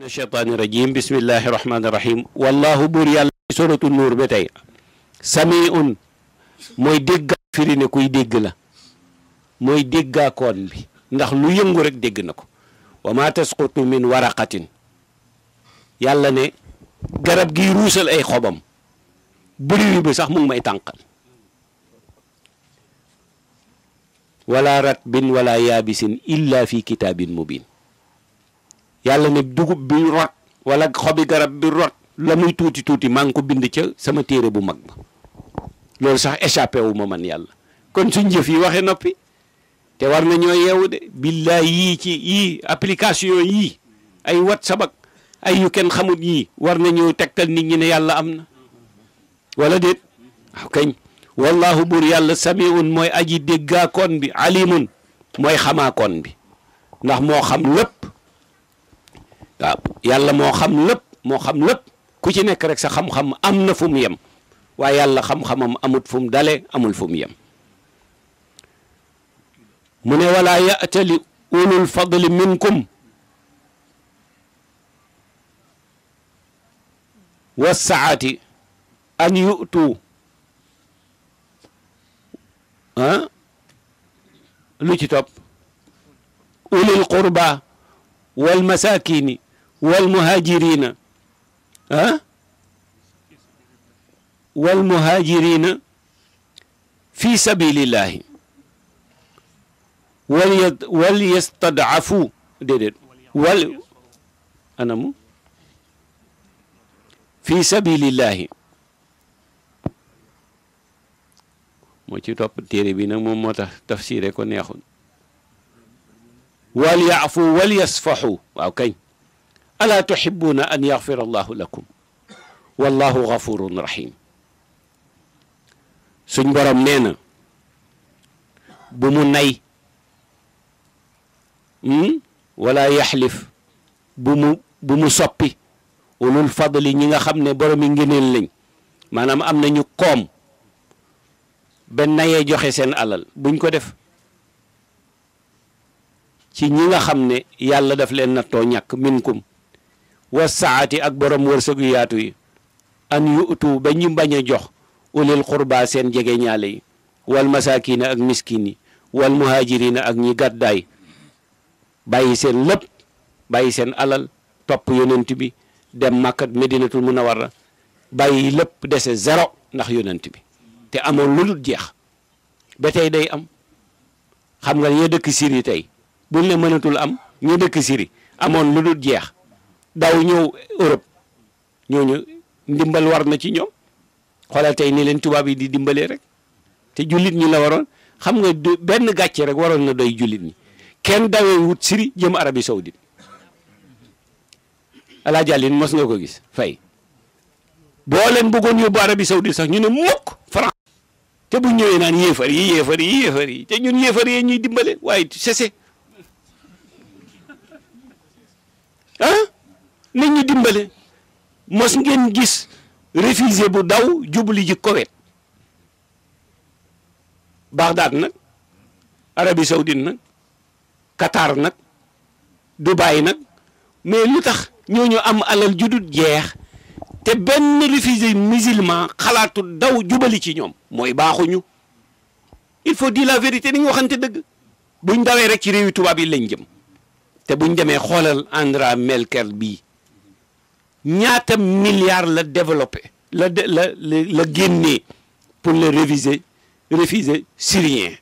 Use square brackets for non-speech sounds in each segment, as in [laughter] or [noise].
min asheytaani rajim bismillahi rahmaani rahim wallahu buur yàlla ci suratu nuur ba tey samiun mooy déggaa firi ne kuy dégg la mooy déggaakoon bi ndax lu yëngu rek dégg na ko wa ma tasqutu min waraqatin yàlla ne garab gi ruusal ay xobam bëriwi bi sax mu ngi may tànqal wala ratbin wala yaabisin illa fi kitaabin mubin yàlla na dugub bi rot wala xobi garab bi rot la muy tuuti tuuti maa ngi ko bind ca sama téere bu mag ba loolu sax échappé wu ma man yàlla kon suñ jëf yi waxee noppi te war na ñoo yeewu de billaay yii ci yii application yii ay whatsapp ak ay yu kenn xamut yii war na ñëw tegtal nit ñi ne yàlla am na wala déet waaw ah, kañ wallahu buur yàlla samiun mooy aji déggaakoon bi alimun mooy xamaakoon bi ndax moo xam lépp waaw yàlla moo xam lépp moo xam lépp ku ci nekk rek sa xam-xam am na fu mu yem waaye yàlla xam-xamam amut fu mu dale amul fu mu yem mu ne walaa ya'tali ulul fadli minkum wassaati an yutu ah lu ci topp ulil qurba wal masakini wal muhaajiriina ah wal muhaajiriina fi sabilillahi wal wal yastadafu déedéet wal anamu fi sabilillahi moo ci topp téere bi nag moom moo tax tafsiré ko neexul wal yaafu wal yasfaxu waaw kañ alaa tuhibbuuna an yaxfira allahu lakum wallahu gafurun rahim suñ borom nee bu mu nay wala yaxlif bu mu soppi ulul fadli ñi nga xam ne borom yi ngëneel lañ maanaam am nañu koom ba nayee joxe seen alal buñ ko def ci ñi nga xam ne yàlla daf leen nattoo ñàkk minkum wa saati ak borom wërsëg yu yaatu yi an yutu ba ñu bañ a jox ulil xurba seen jege ñaale yi wal masakina ak miskin yi wal muhajirina ak ñi gàddaay bàyyi seen lépp bàyyi seen alal topp yonent bi dem màkkat medinatul munawara bàyyi lépp dese zéro ndax yonent bi te amoon lu dul jeex ba tey day am xam nga ñoo dëkk Syrie tey buñ ne mënatul am ñoo dëkk Syrie amoon lu dul jeex daw ñëw Europe ñooñu ndimbal war na ci ñoom xoolal tey ni leen tubaab yi di dimbalee rek te jullit ñi la waroon xam nga benn gàcce rek waroon na doy jullit ñi kenn dawee wut siri jëm Arabie Saoudite alaa jàllin mos nga ko gis fay boo leen bëggoon yóbbu Arabie Saoudite sax ñu ne mukk France te bu ñëwee naan yéefar yi yéefar yi yéefar yi te ñun yéefar yi ñuy dimbale waaye cessé nañ ñu dimbale mos ngeen gis réfugié bu daw jubli ji Koweït Bagdad nag Arabie Saoudite nag katar nag Dubaï nag mais lu tax ñooñu am alal judut jeex te benn réfugié musulman xalaatu daw jubali ci ñoom mooy baaxuñu il faut dire la vérité ni ñu waxante dëgg buñ dawee rek ci réewi tubaab yi lañ jëm te buñ demee xoolal Angela Merkel bii ñaata milliards la développé la la la génnee pour le réviser réfuser syrien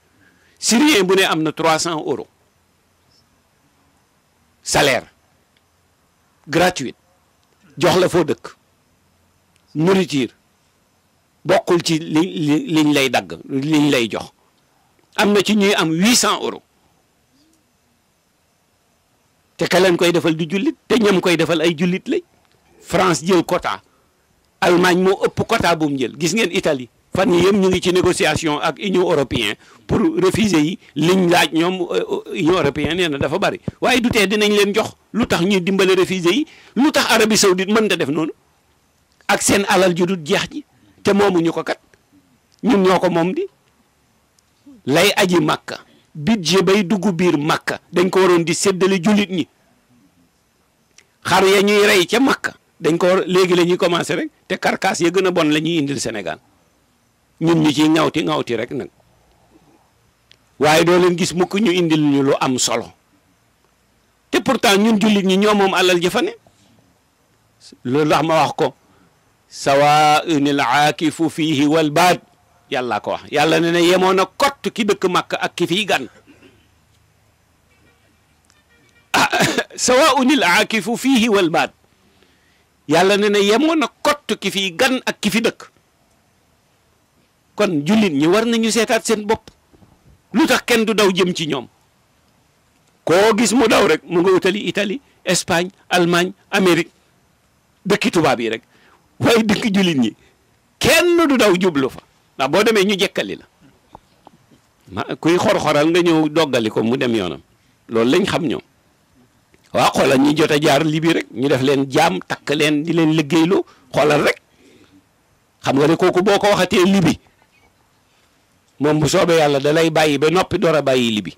syrien bu ne am na trois cent euros salaire gratuit jox la foo dëkk nourriture bokkul ci li liñ lay dagg liñ lay jox am na ci ñuy am huit cent euros te ka koy defal du jullit te ñam koy defal ay jullit lay France jël quota Allemagne moo ëpp quota bu mu jël gis ngeen Italie fan yii yëpp ñu ngi ci négociation ak union européen pour refuser yi liñ laaj ñoom euh, union européen nee na dafa bari waaye du tee dinañ leen jox lu tax ñuy dimbale refuser yi lu tax Arabie Saoudite mën ta def noonu ak seen alal ju jeex ji te ñu ko kat ñun ñoo ko moom di lay aji màkka budget bay dugg biir màkka dañ ko waroon di séddale jullit ñi xar ya ñuy rey ca màkka dañ ko léegi la ñuy commencé rek te karkaas ya gën a bon la ñuy indil Sénégal ñun ñu ciy ŋawti ŋawti rek nag waaye doo leen gis mukk ñu indil ñu lu am solo te pourtant ñun jullit ñi ñoo moom alal jëfane loolu tax ma wax ko sawaa'unil aakifu fiihi wal baad yàlla ko wax yàlla ne ne yemoon na kott ki dëkk màkk ak ki fiy gan ah [coughs] sawaa'unil aakifu fiihi wal baad yàlla ne na yemoon na kott ki fi gan ak ki fi dëkk kon jullit ñi war nañu seetaat seen bopp lu tax kenn du daw jëm ci ñoom koo gis mu daw rek mu nga wutali itali Espagne Allemagne Amérique dëkki tubaab yi rek waaye dëkk jullit ñi kenn du daw jublu fa ndax boo demee ñu jekkali la ma kuy xor-xoral nga ñëw doggali ko mu dem yoonam loolu lañ xam ñoom waaw xoolal ñu jot a jaar libi rek ñu def leen jaam takk leen di leen liggéeyloo xoolal rek xam nga ne kooku boo ko waxatee libi moom bu soobee yàlla da bàyyi ba noppi door a bàyyi libi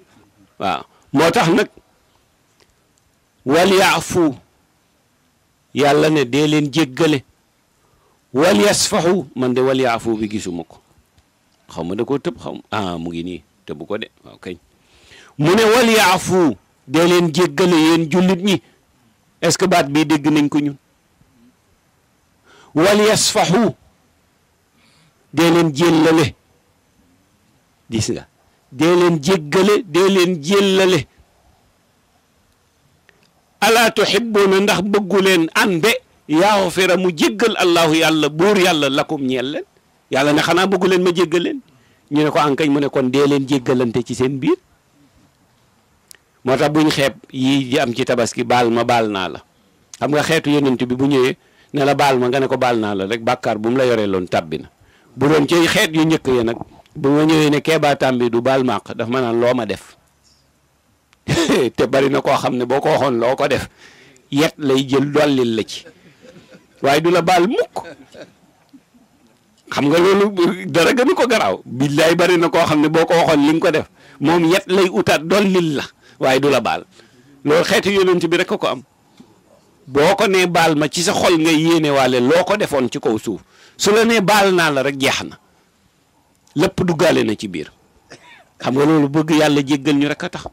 waaw moo tax nag wal yaafu yàlla ne dee leen jéggale wal yasfaxu man de wal yaafu bi gisuma ko xaw ma da ko tëb xaw ah, mu ngi nii tëbu ko de mu ne wal yaafu dee leen jéggale yéen jullit ñi est-ce que baat bi dégg nañ ko ñun wal yasfahu dee leen jéllale gis nga dee leen jéggale dee leen jéllale alaa tuhibbuuna ndax bëggu leen an de yaxfira mu jéggal allahu yàlla buur yàlla lakum ñeel leen yàlla ne xanaa bëggu leen ma jéggal leen ñu ne ko ankañ mu ne kon dee leen jéggalante ci seen biir moo tax buñ xeeb yi di am ci tabaski baal ma baal naa la xam nga xeetu yonent bi bu ñëwee ne la baal ma nga ne ko baal naa la rek bàkkaar bu mu la yoree loon tàbbi na bu roon ci xeet yu njëkk ya nag bu ma ñëwee ne keebaatam bi du baal màq daf ma naan loo ma def [laughs] te bari na koo xam ne boo ko waxoon loo ko def yet lay jël la ci waaye du la baal xam nga loolu dara gënu ko garaaw bari na koo xam ne boo ko waxoon li nga ko def moom yet lay utaat dollil la waaye du la baal loolu xeetu yonent bi rek ko am boo ko nee baal ma ci sa xol ngay yéene waale loo ko defoon ci kaw suuf su la nee baal naa la rek jeex na lépp duggaale na ci biir xam nga loolu bëgg yàlla jéggal ñu rek a tax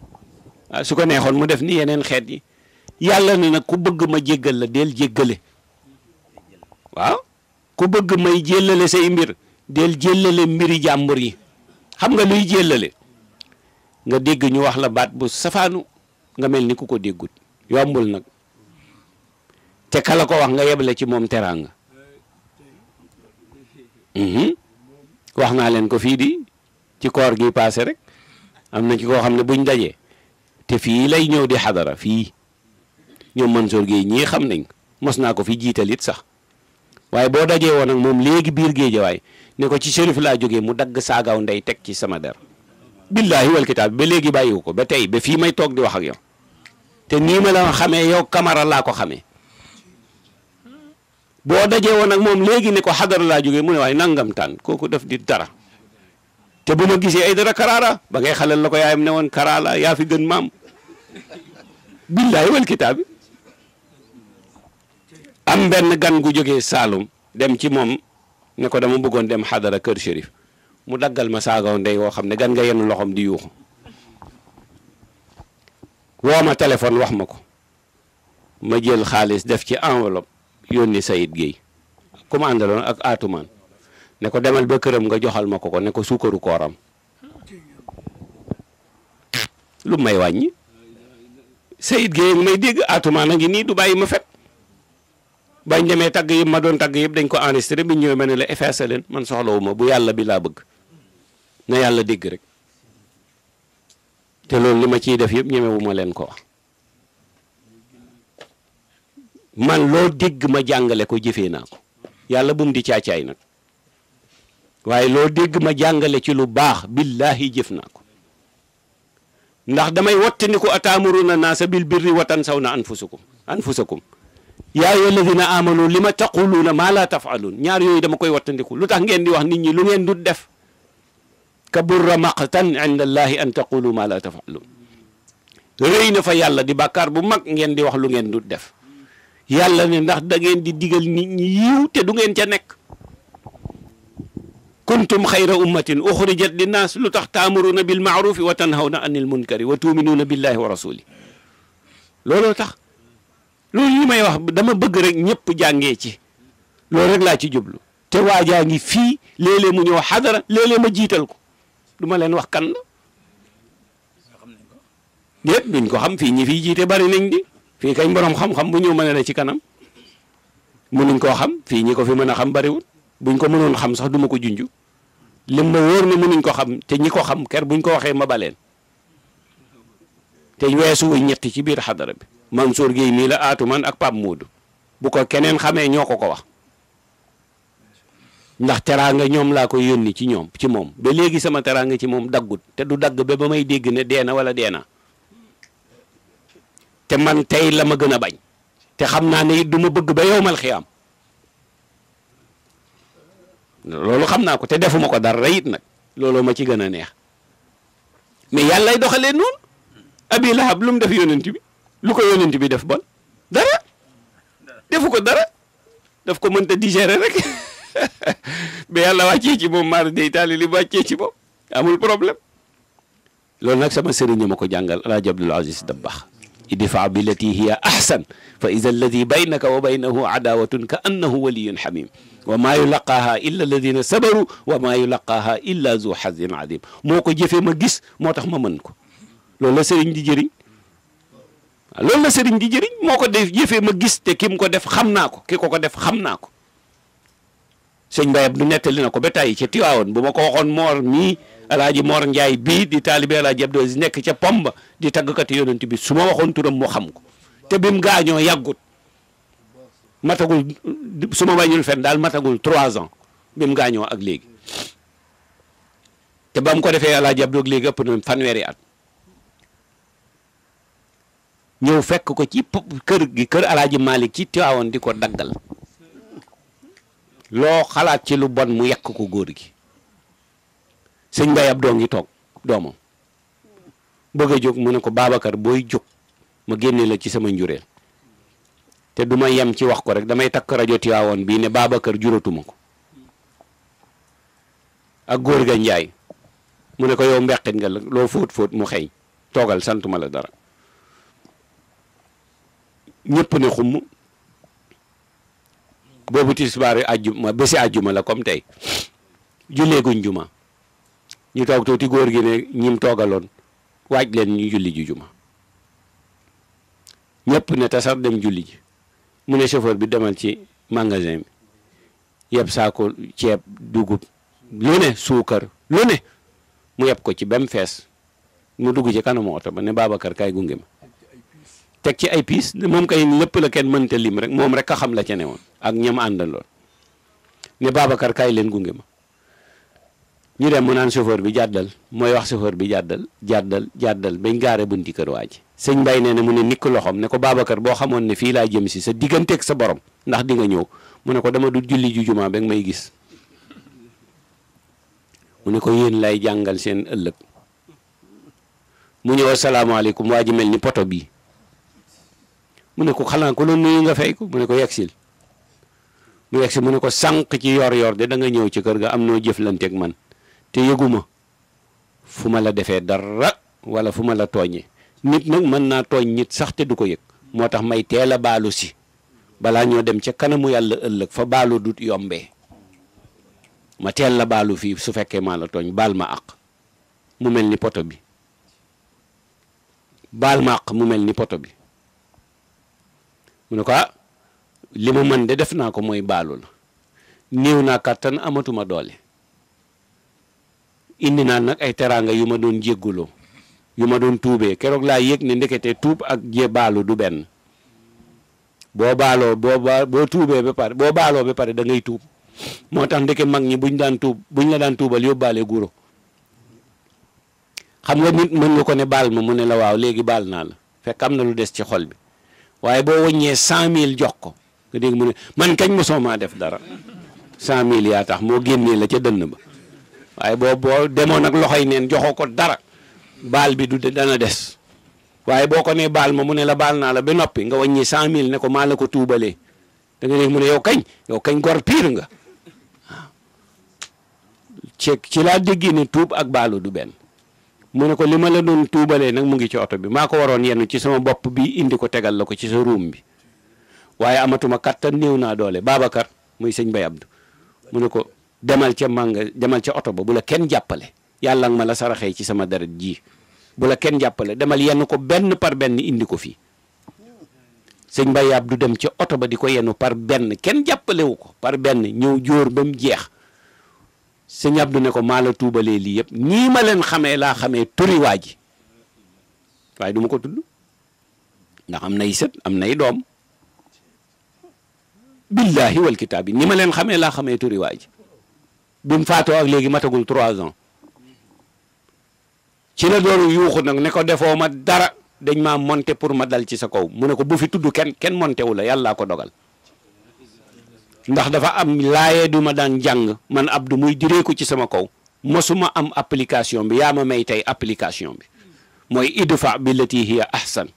ah, su ko neexoon mu def ni yeneen xeet yi yàlla ne nag ku bëgg ma jéggal la del jéggale waaw ku bëgg may jéllale say mbir del jéllale mbiri jàmbur yi xam nga luy jéllale nga dégg ñu wax la baat bu safaanu nga mel ni ku ko déggut yombul nag te kala ko wax nga yeble ci moom teraanga mhm. wax naa leen ko fii di ci koor gi paase rek am na ci koo xam ne buñ dajee te fii lay ñëw di xadara fii ñoom Mansour Gueye ñii xam nañ mos naa ko fi jiital it sax waaye boo dajee woon ak moom léegi biir géejawaay ne ko ci Chérif laa jógee mu dagg saagaw ndey teg ci sama der billaahi wal kitaab ba léegi bàyyiwu ko ba tey ba fii may toog di wax ak yow te nii ma la xamee yow kamara laa ko xamee boo dajee woon ak moom léegi ne ko xadara laa jógee mu ne waaye nangam taan kooku def di dara te bu ma gisee ay dara karaara ba ngay xalal la ko yaayam ne woon karaa yaa fi gën maam billaahi wal kitaab benn gan gu jóge Saalum dem ci moom ne ko dama bëggoon dem xadara kër Chérif mu daggal ma saagaw ndey woo xam ne gan nga yenn loxom di yuuxu woo ma téléphone wax ma ko ma jël xaalis def ci enveloppe yónni Sayid Guèye ku ma àndaloon ak Atumaan ne ko demal ba këram nga joxal ma ko ko ne ko suukaru kooram lu may wàññi Sayid Guèye ngi may dégg Atumaan a ngi nii du bàyyi ma fet bañ demee tagg yëpp ma doon tagg yëpp dañ ko enregistré bi ñëwee ma ne la effacé leen man soxlawu ma bu yàlla bi laa bëgg na yàlla dégg rek te loolu li ma ciy def yëpp ñemewu ma leen ko wax man loo dégg ma jàngale ko jëfee naa ko yàlla bum di caacaay nag waaye loo dégg ma jàngale ci lu baax billaahi jëf naa ko ndax damay wattandiku ataamuruna naasa bil birri wa tansawna anfusakum anfusakum yaa ayyuha alladina amanu li ma taquluuna maa laa tafaluun ñaar yooyu dama koy wattandiku lu tax ngeen di wax nit ñi lu ngeen dut def kabura maqtan inda allahi an taqulu ma la tafalun rëy na fa yàlla di bàkkaar bu mag ngeen di wax lu ngeen du def yàlla ne ndax da ngeen di digal nit ñi te du ngeen ca nekk kuntum xayra ummatin uxrijat linnaas lu tax taamuruna bil maarufi wa tanhawna anil munkari wa tuminuuna billahi wa rasuli looloo tax loolu li may wax dama bëgg rek ñëpp jàngee ci loo rek laa ci jublu te waa ngi fii léeg-léeg mu ñëw xadara léeg ma jiital ko duma leen wax kan la déet duñ ko xam fii ñi fii jiite bari nañ di fii kañ borom xam-xam bu ñëw mën la ci kanam nuñ koo xam fii ñi ko fi mën a xam bariwul buñ ko mënoon xam sax duma ma ko junj lim ma wóor ne nuñ ko xam te ñi ko xam ker buñ ko waxee ma baleen te weesu wu ñetti ci biir xadara bi Mansour Guèye mii la aatu man ak Pape Moodu bu ko keneen xamee ñoo ko ko wax. ndax teraanga ñoom laa ko yónni ci ñoom ci moom ba léegi sama teraanga ci moom daggut te du dagg ba ba may dégg ne dee na wala dee na te man tey la ma gën a bañ te xam naa ne it du ma bëgg ba yow mal xiyaam loolu xam naa ko te defuma ko dara it nag looloo ma ci gën a neex mais yàllay doxalee noonu abi lahab lu mu def yonent bi lu ko yonent bi def bon dara defu ko dara daf ko mënta digérer rek [laughs] ba [laughs] yàlla wàccee ci moom maar day taali li wàccee ci moom amul problème loolu nag sama sëriñ ma ko jàngal alaaji abdul aziz dabbax idfa billati hiya ahsan fa ida alladi baynaka wa baynahu adawatun ka annahu waliyun xamim wa maa yulaqaaha illa alladina sabaru wa maa yulaqaaha illa zu xazin adim moo ko jëfee ma gis moo tax ma mën ko loolu la sëriñ di jëriñ loolu la sëriñ di jëriñ moo ko def jëfee ma gis te ki mu ko def xam naa ko ki ko ko def xam naa ko sëñ Baye Abdou nettali na ko ba tey ci Tiwaawoon bu ma ko waxoon Mor mii alaaji Mor Ndiaye bii di taalibe alaaji Abdou Aziz nekk ca Pomba di tàggkat yonent bi su ma waxoon turam mu xam ko te bim gaañoo yàggut matagul su ma bañul fen daal matagul trois ans bim gaañoo ak léegi te ba mu ko defee alaaji Abdou ak léegi ëpp na fanweeri at ñëw fekk ko ci kër gi kër alaaji Malick ci Tiwaawoon di ko daggal loo xalaat ci lu bon mu yàq ko góor gi sëñ Baye ab doo ngi toog doomam bëgg a jóg mu ne ko Babacar booy jóg ma génne la ci sama njureel te du ma yem ci wax ko rek damay takk rajo bii ne Babacar juratuma ko ak góor ga Njaay mu ne ko yow mbeqit nga la loo fóot fóot mu xëy toogal santuma la dara ñëpp ne xumm boobu tisbaar àjjuma bési àjjuma la comme tey julleeguñ juma ñu toog tuuti góor gi ne ñim toogaloon waaj leen ñu julli ji juma ñëpp ne tasar dem julli ji mu ne chauffeur bi demal ci magasin bi yeb saako ceeb dugub lu ne suukar lu ne mu yeb ko ci bem fees mu dugg ci kanamu oto ba ne Babacar kay gunge ma teg ci ay piis moom kay lépp la kenn mënta lim rek moom rek a xam la ca ne woon ak ñam àndaloon kaay leen gunge ma ñu dem mu naan chauffeur bi jàddal mooy wax chauffeur bi jàddal jàddal jàddal bañ gaare bunti kër waa ji sëñ Baye nee na mu ne nikk loxoom ne ko Babacar boo xamoon ne fii laa jëm si sa digganteeg sa borom ndax di nga ñëw mu ne ko dama du julli ju jumaa ba nga may gis mu ne ko yéen lay jàngal seen ëllëg mu ñëw asalaamaaleykum waa ji mel ni poto bii mu ne ko xanaa ku la nuyu nga fay ko mu ne ko yegsil mu yegsi mu ne ko sànq ci yor yoor de da ñëw ci kër ga am noo jëflanteeg man te yëguma fu ma la defee dara wala fu ma la tooñee nit nag mën naa tooñ nit sax te du ko yëg moo tax may teel a baalu si balaa ñoo dem ca kanamu yàlla ëllëg fa baalu du yombee ma teel la baalu fii su fekkee maa la tooñ baal ma àq mu mel ni poto bi baal ma àq mu mel ni poto bi mu ne ko ah li ma mën de def naa ko mooy baalu la néew naa kàttan amatuma doole indi naa nag ay teraanga yu ma doon jégguloo yu ma doon tuubee keroog laa yëg ne ndekete tuub ak jee baalu du benn boo baaloo boo boo tuubee ba pare boo baaloo be pare da tuub moo tax ndeke mag ñi buñ daan tuub buñ la daan tuubal yóbbaale guro xam nga nit mën nga ko ne baal ma mu ne la waaw léegi baal naa la fekk am na lu des ci xol bi waaye boo wàññee cent mille jox ko nga dégg mu ne man kañ mosoo maa def dara cent mille yaa tax moo génnee la ca dënn ba waaye boo boo demoon ak loxoy neen joxoo ko dara baal bi du dana des waaye boo ko nee baal ma mu ne la baal naa la ba noppi nga wàññi cent mille ne ko maa la ko tuubalee da nga dégg mu ne yow kañ yow kañ gor piir nga waaw ci laa déggee ne tuub ak baalu du benn mu ne ko li ma la doon tuubalee nag mu ngi ci oto bi maa ko waroon yenn ci sama bopp bi indi ko tegal la ko ci sa ruum bi waaye amatuma kattan néew naa doole Babacar muy sëñ Bay Abdou mu ne ko demal ca manga demal ca oto ba bu kenn jàppale yàlla ma la saraxee ci sama deret ji bu kenn jàppale demal yenn ko benn par benn indi ko fii sëñ Bay Abdou dem ca oto ba di ko yenn par benn kenn jàppalewu ko par benn ñëw jóor ba mu jeex sëñ Abdou ne ko maa la tuubalee lii yëpp nii ma leen xamee laa xamee turi waa ji waaye duma ko tudd ndax am nay sët am nay doom billahi wal kitaab yi ni ma leen xamee laa xamee turi waa ji bi mu faatoo ak léegi matagul trois ans ci la dooru yuuxu nag ne ko defoo ma dara dañ maa monte pour ma dal ci sa kaw mu ne ko bu fi tudd kenn kenn monté wu la ko dogal ndax dafa am laayee du ma daan jàng man Abdou mu diree ko ci sama kaw mosuma am application bi yaa ma may tey application bi mooy idfa billati hiya ahsan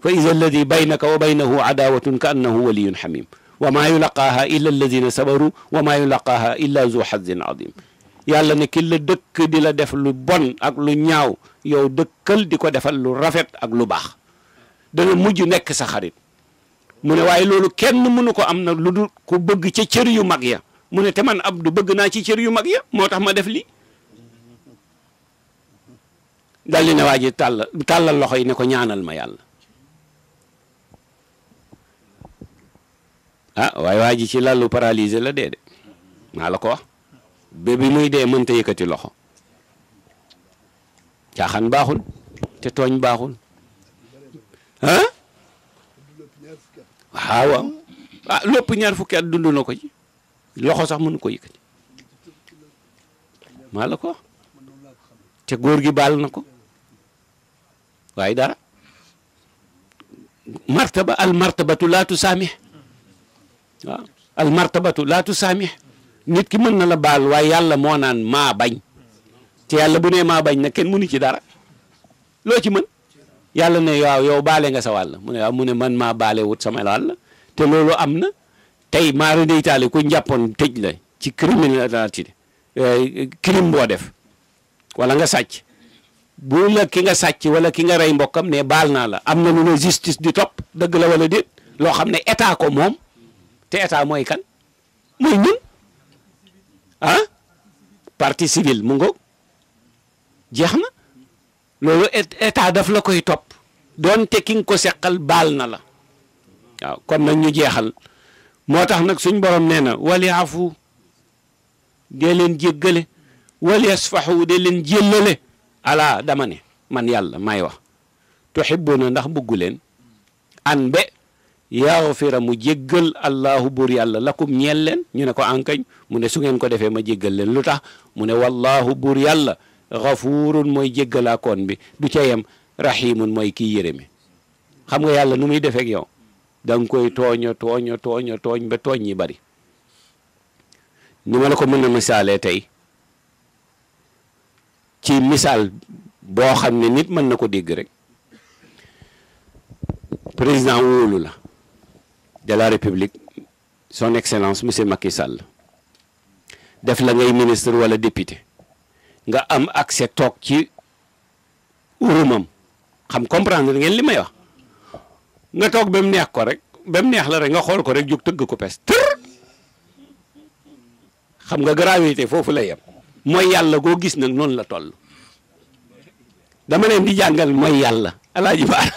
fa ida alladi baynaka wa baynahu adawatun ka annahu waliyun xamim wa maa yulaqaaha illa alladina sabaru wa maa yulaqaaha illa zu xazin adim yàlla na ki la di la def lu bon ak lu ñaaw yow dëkkal di ko defal lu rafet ak lu baax dana mujj nekk sa xarit mu ne waaye loolu kenn mënu ko am na lu dul ko bëgg ca cër yu mag ya mu ne te man ab Abdou bëgg naa ci cër yu mag ya moo tax ma def lii dal di ne tàll tàllal loxo yi ne ko ñaanal ma yàlla ah waaye waa ji ci lalu paralysé la dee de maa la ko wax ba bi muy dee mënta yëkkati loxo caaxaan baaxul te tooñ baaxul ah? waaw ah lépp ñaar fukki at dund na ko ci loxo sax mënu ko yëkkati maa la ko te góor gi baal na ko waaye dara martaba al martabatu laa tusaamih waaw al martabatu laa tusaamih nit ki mën na la baal waaye yàlla moo naan maa bañ te yàlla bu nee maa bañ na kenn mënu ci dara loo ci mën yàlla na waaw yow baale nga sa wàll mu ne waaw mu man maa baale wut sama wàll te loolu am na tey maara day taali ku njàppoon tëj la ci criminalité eh, crime boo def wala nga sàcc bu la ki nga sàcc wala ki nga rey mbokkam ne baal naa la am na lu la justice di topp dëgg la wala déet loo xam ne état ko moom te état mooy kan mooy ñun ah partie civile mu ngoog jeex na loolu état daf la koy topp doonte ki ko seqal baal na la kon nag ñu jeexal moo tax nag suñ borom nee na wali afu dee leen jéggale wali asfaxu dee leen jéllale alaa damane man yàlla may wax tuhibbuna ndax bëggu leen an be yaghfira mu jéggal allahu buur yàlla lakum ñeel leen ñu ne ko ankañ mu ne su ngeen ko defee ma jéggal leen lu tax mu ne wallahu buur yàlla xafuurun mooy jéggalaakoon bi du ca yem rahimun mooy kii mi xam nga yàlla nu muy defeeg yow da koy tooña tooña tooña tooñ ba tooñ yi bari ni ma la ko mën a misaalee tey ci misaal boo xam ne nit mën na ko dégg rek président wóolu la de la république son excellence monsieur Macky sàll def la ngay ministre wala député nga am accès toog ci urumam xam comprendre ngeen li may wax nga toog ba mu neex ko rek ba mu neex la rek nga xool ko rek jóg tëgg ko pes tër xam nga gravité foofu la yem mooy yàlla goo gis nag noonu la toll dama leen di jàngal mooy yàlla alaaji baara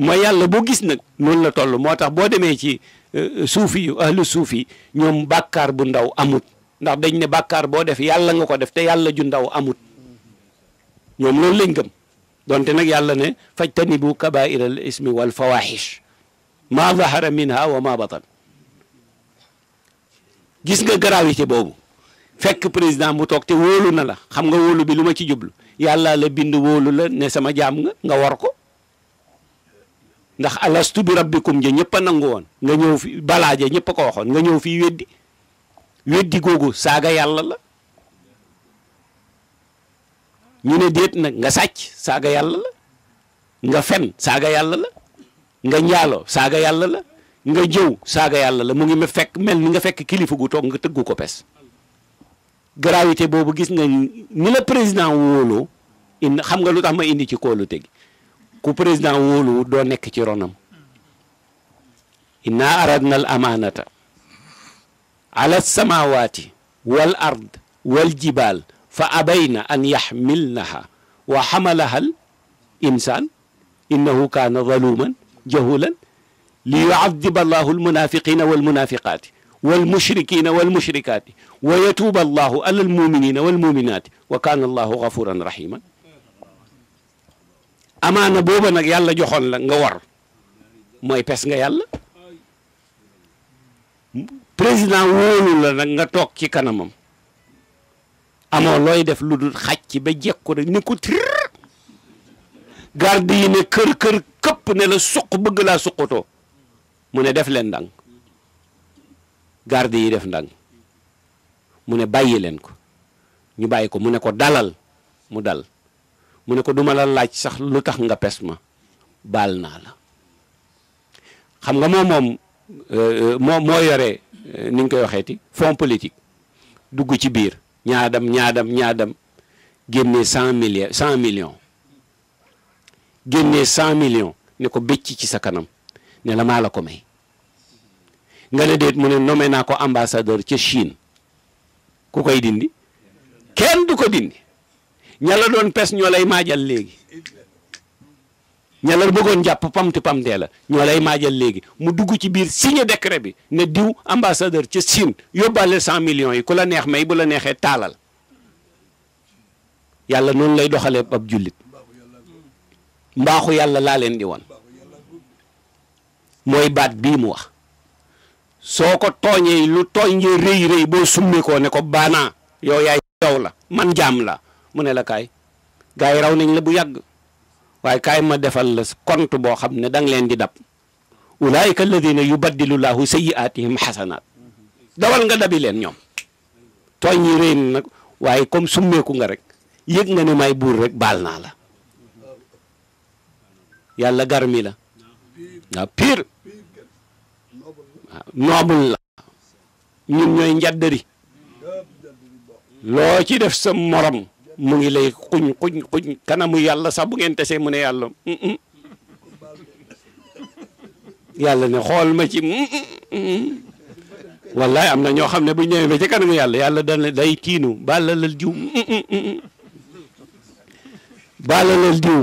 mooy yàlla boo gis nag noonu la toll moo tax boo demee ci euh, suufi yu ahlu suufi ñoom bàkkaar bu ndaw amut ndax dañ ne bàkkaar boo def yàlla nga ko def te yàlla ju ndaw amut ñoom loolu lañ donte nag yàlla ne fajtanibu kabaira al ismi wal fawaxish ma zahara minha wa ma batan gis nga gravité boobu fekk président bu toog te wóolu na la xam nga wóolu bi lu ma ci jublu yàlla la bind wóolu la ne sama jaam nga nga war ko ndax alastu bi rabbikum ja ñëpp a nangu woon nga ñëw fi balaa ja ñëpp ko waxoon nga ñëw fii weddi weddi googu saaga yàlla la ñu ne déet nag nga sàcc saaga yàlla la nga fen saaga yàlla la nga njaaloo saaga yàlla la nga jëw saaga yàlla la mu ngi ma fekk mel ni nga fekk kilifa gu toog nga tëggu ko pes gravité boobu gis nga ni la président wóoloo in xam nga lu tax ma indi ci kóolute gi ku président wóolu doo nekk ci ronam inna aradna amaanata ala samaawaati wal ard wal jibaal fa abayna an yaxmilnaha wa xamalaha al insaan innahu kaana zaluman jahulan li yuadiba allahu almunafiqina walmunafiqaati walmushrikina walmushrikaati wa yatuuba allahu ala almuminina walmuminaati wa kaana allahu gafuran rahiman amaana booba nag yàlla joxoon la nga war mooy pes nga yàlla président wóolu la nag nga toog ci kanamam amoo looy def lu dul xaj ci ba jekku rek ni ko tir garde yi ne kër kër këpp ne la suq bëgg laa suqatoo mu ne def leen ndang garde yi def ndang mu ne bàyyi leen ko ñu bàyyi ko mu ne ko dalal mu dal mu ne ko duma la laaj sax lu tax nga pes ma baal naa la xam nga moom moom euh, euh, moo yore ni nga koy waxeeti fonds politique dugg ci biir ñaadam ñaadam ñaadam génnee cent milliards cent millions génnee cent million ne ko bëcc ci sa kanam ne la maa la ko may nga ne déet mu ne nommé naa ko ambassadeur ca Chine ku koy dindi kenn du ko dindi ña la doon pes ñoo lay maajal léegi ña bëggoon jàpp pamti pamtee la ñoo lay maajal léegi mu dugg ci biir signé décret bi ne diw ambassadeur ca Chine yóbbaale cent millions yi ku la neex may bu la neexee taalal yàlla noonu lay doxalee ab jullit mbaaxu yàlla laa leen di woon mooy baat bii mu wax soo ko tooñee lu tooñee rëy rëy boo summee ne ko baanaa yow yaay yow la man jaam la mu ne la kaay gars raw nañ la bu yàgg waaye kaay ma defal la compte boo xam ne dang leen di dab ulaayika alladina yubaddilu laahu sayyiaatihim xasanaat dawal nga dabi leen ñoom tooñ ñi réy na waaye comme summeeku nga rek yëg nga ne may buur rek baal naa la yàlla garmi la waaw pire waaw noobul la ñun ñooy njaddari loo ci def sa morom mu ngi lay xuñ xuñ xuñ kanamu yàlla sax bu ngeen tesee mu ne yàlla mm, mm. yàlla ne xool ma ci mm, wallaay am na ñoo xam ne bu ñëwee ba ci kanamu yàlla yàlla dana day tiinu bàllalal jiw bàllalal jiw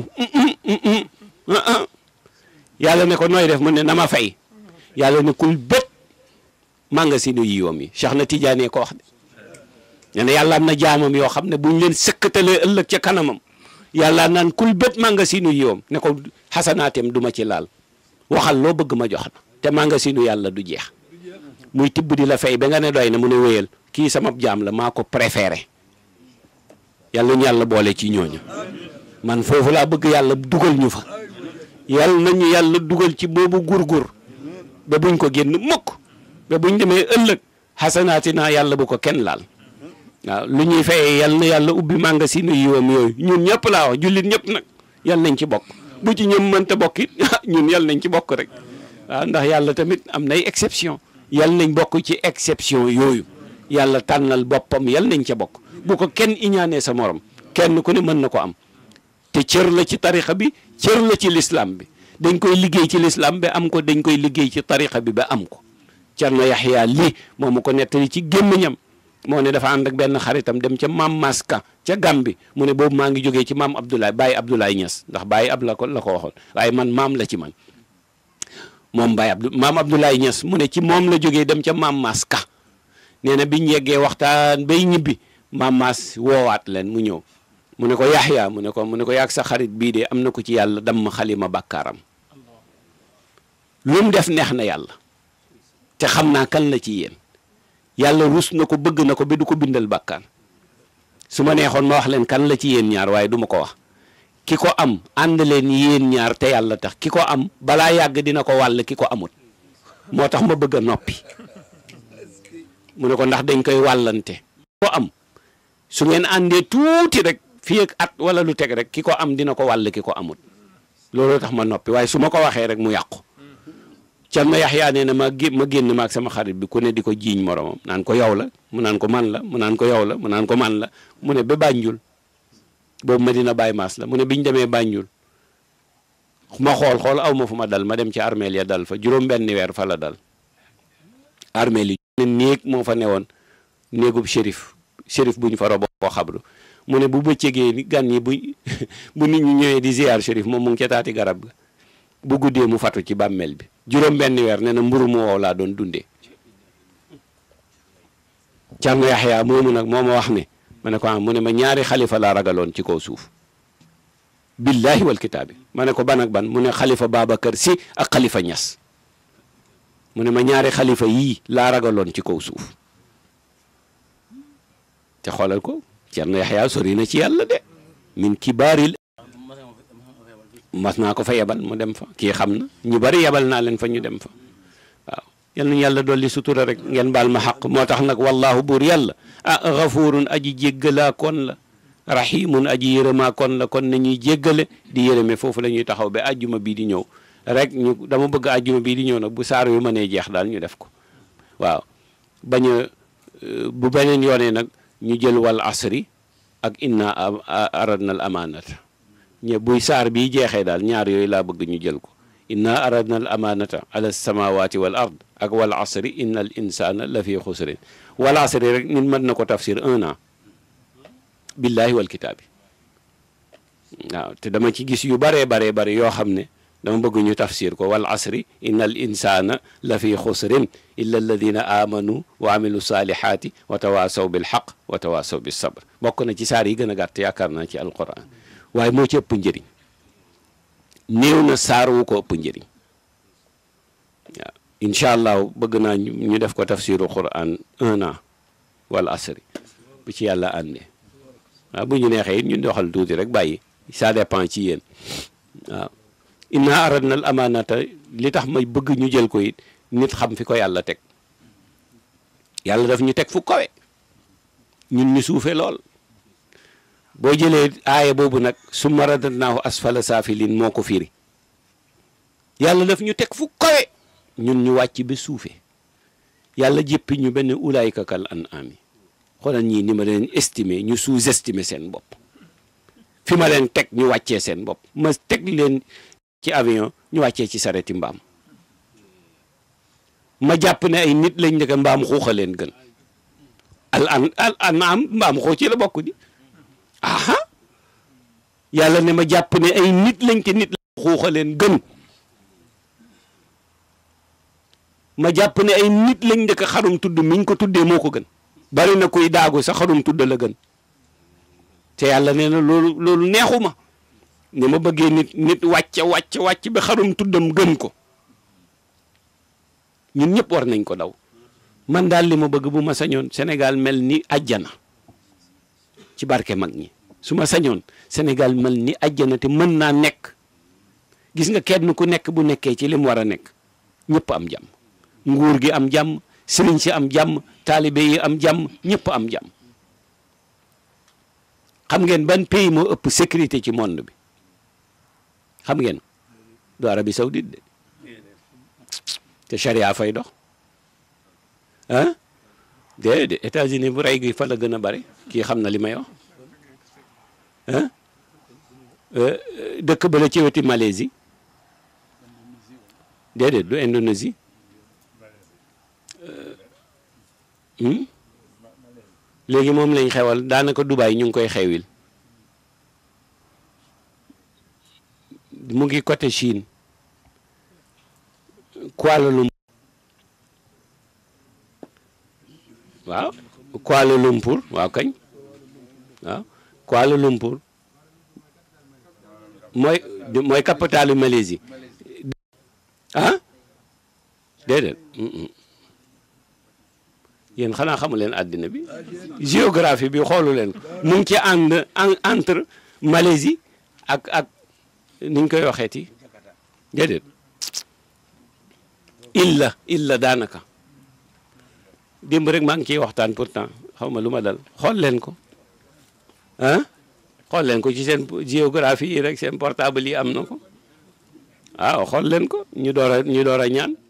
yàlla ne ko nooy def mu ne na ma fay yàlla ne kul bët maa si nu yiwam yi Cheikh na Tidiane ko de nee na yàlla am na jaamam yoo xam ne bu ñu leen sëkkatalee ëllëg ca kanamam yàllaa naan kul bët mangasinu yoom ne ko xasanaatem duma ci laal waxal loo bëgg ma jox la te mangasinu yàlla du jeex muy tibb di la fay ba nga ne doy na mu ne wéyal kii sama jaam la maa ko préféré yàlla ñu yàlla boole ci ñooñu man foofu laa bëgg yàlla dugal ñu fa yàlla nañu yàlla dugal ci boobu gurgur ba buñ ko génn mukk ba buñ demee ëllëg xasanaati naa yàlla bu ko kenn laal waaw lu ñuy fayee yal na yàlla ubbi magasin yiwam yooyu ñun ñëpp laa wax jullit ñëpp nag yal nañ ci bokk bu ci ñëm mënta bokk it [laughs] ñun yàlla nañ ci bokk rek waaw ndax yàlla tamit am nay exception yal nañ bokk ci exception yooyu yàlla tànnal boppam yal nañ ca bokk bu ko kenn iñaanee sa morom kenn ku ne mën na ko am te cër la ci tarixa bi cër la ci lislaam bi dañ koy liggéey ci lislaam bi am ko dañ koy liggéey ci tarixa bi ba am ko Cerno Yaxya lii ko nettali ci gémmiñam moo ne dafa ànd ak benn xaritam dem ca maam Maska ca Gambi mu ne boobu maa ngi jógee ci maam Abdoulaye Baye Abdoulaye Niass ndax bàyyi ab la ko la ko waxoon waaye man maam la ci man moom Baye Abdou maam mu ne ci moom la jógee dem ca maam Maska nee na biñ yeggee waxtaan bay ñibbi maam Mas woowaat leen mu ñëw mu ne ko Yaxya mu ne ko mu ne ko yaag sa xarit bii de am na ko ci yàlla damm xalima bàkkaaram lu def neex na yàlla te xam naa kan la ci yéen. yàlla rus na ko bëgg na ko ba du ko bindal bàkkaar su ma neexoon ma wax leen kan la ci yéen ñaar waaye du ma ko wax ki ko am ànd leen yéen ñaar te yàlla tax ki ko am balaa yàgg dina ko wàll ki ko amut moo tax ma bëgg noppi mu ne ko ndax dañ koy wàllante ko am su ngeen àndee tuuti rek fii at wala lu teg rek ki ko am dina ko wàll ki ko amut looloo tax ma noppi waaye su ma ko waxee rek mu yàqu Cerno Yaxya nee na ma ma génn ma ak sama xarit bi ku ne di ko jiiñ moromam naan ko yow la mu naan ko man la mu naan ko yow la mu naan ko man la mu ne ba Bànjul boobu Madina Baay Maas la mu ne bi ñu demee Bànjul ma xool xool aw ma fu ma dal ma dem ci armeel ya dal fa juróom-benni weer fa la dal armeel yi néeg moo fa newoon néegub shérif shérif bu ñu fa robo ko mu ne bu bëccëgee gan yi [laughs] bu nit ñi ñëwee di ziar shérif moom mu ngi ca taati garab ga bu guddee mu fatu ci bàmmeel bi juróom benn weer nee na mburu mu woow laa doon dundee Cerno Yaxya moomu nag moo ma wax ni ma ne ko ah mu ne ma ñaari xalifa laa ragaloon ci kaw suuf billahi wal kitaabi ma ne ko ban ban mu ne xalifa Babacar Si ak xalifa Ñas mu ne ma ñaari xalifa yii laa ragaloon ci kaw suuf te xoolal ko Cerno Yaxya sori ci yàlla de min kibaaril mas naa ko fa yebal mu dem fa kii xam na ñu bari yebal naa leen fa ñu dem fa waaw yal nañu yàlla dolli sutura rek ngeen baal ma xaq moo tax nag wallaahu buur yàlla ah xafuurun aji jéggalaa kon la rahimun aji yërëmaa kon la kon ñuy jéggale di yërëme foofu la ñuy taxaw ba àjjuma bii di ñëw rek ñu dama bëgg àjjuma bii di ñëw nag bu saar yu mënee jeex daal ñu def ko waaw bañ euh, bu beneen yoonee nag ñu jël wal asri ak inna aradna al amaanata ñe buy saar bii jeexee daal ñaar yooyu laa bëgg ñu jël ko inna aradna al amaanata ala samawati wal ard ak wal asri inna al insana la fi xusrin wal asri rek nit mën na ko tafsir un an billahi wal kitaabi waaw te dama ci gis yu baree baree bare yoo xam ne dama bëgg ñu tafsir ko wal asri inna al insana la fi xusrin illa alladina amanu wa amilu salihati wa tawasaw bil xaq wa tawasaw bis sabr bokk na ci saar yi gën a gàtt yaakaar naa ci alquran waaye moo ci ëpp njëriñ néew na saar wu ko ëpp njëriñ waaw incha allah bëgg naa ñu def ko tafsiru quran un an wala asri bu ci yàlla àndee waaw bu ñu neexee it ñu doxal tuuti rek bàyyi ça dépend ci yéen waaw inna aradna al amaanata li tax may bëgg ñu jël ko it nit xam fi ko yàlla teg yàlla def ñu teg fu kawe ñun ñu suufee lool boo jëlee aaya boobu nag summa radadnaahu asfala saafiliin moo ko fiiri yàlla daf ñu teg fu kawe ñun ñu wàcc bi suufe yàlla jéppi ñu benn ulaayka kal an ami xoolal ñii ni ma leen estimé ñu sous-estimé seen bopp fi ma leen teg ñu wàccee seen bopp ma teg leen ci avion ñu wàccee ci sareti mbaam ma jàpp ne ay nit lañ nekk mbaam xuuxa leen gën al an al an am mbaam xuux ci la bokk di aha yàlla ne ma jàpp ne ay nit lañ te nit la xuuxa leen gën ma jàpp ne ay nit lañ ndëkk xarum tudd miñ ko tuddee moo ko gën bari na kuy daagu sa xarum tudd la gën te yàlla nee na loolu loolu neexuma ne ma bëggee nit nit wàcce wàcce wàcc bi xarum tuddam gën ko ñun ñëpp war nañ ko daw man daal li ma bëgg bu ma sañoon senegal mel ni àjjana ci barke mag ñi su ma sañoon Sénégal mel ni àjjana te mën naa nekk gis nga kenn ku nekk bu nekkee ci li war a nekk ñépp am jàmm nguur gi am jàmm sëriñ si am jàmm taalibe yi am jàmm ñépp am jàmm xam ngeen ban pays moo ëpp sécurité ci mond bi xam ngeen du Arabie Saoudite de te charia fay dox ah déedéet États-Unis bu rey gi fa la gën a bari kii xam na li ma wax euh, euh, dëkk ba la ci weti Malaisie déedéet du Indonésie euh, hmm? léegi moom lañ xewal daanaka Dubaay ñu ngi koy xewil mu ngi côté Chine Kuala waaw Kuala Lumpur waaw kañ waaw Kuala Lumpur mooy mooy capitale u Malaisie ah déedéet yéen xanaa xamu leen àddina bi géographie bi xoolu leen ko mu ngi ci ànd entre Malaisie ak ak ni ñu koy waxeeti déedéet illa illa daanaka démb rek maa ngi ciy waxtaan pourtant xaw ma lu ma dal xool leen ko ah xool leen ko ci seen géographie yi rek seen portable yi am na ko waaw xool leen ko ñu door a ñu door a ñaan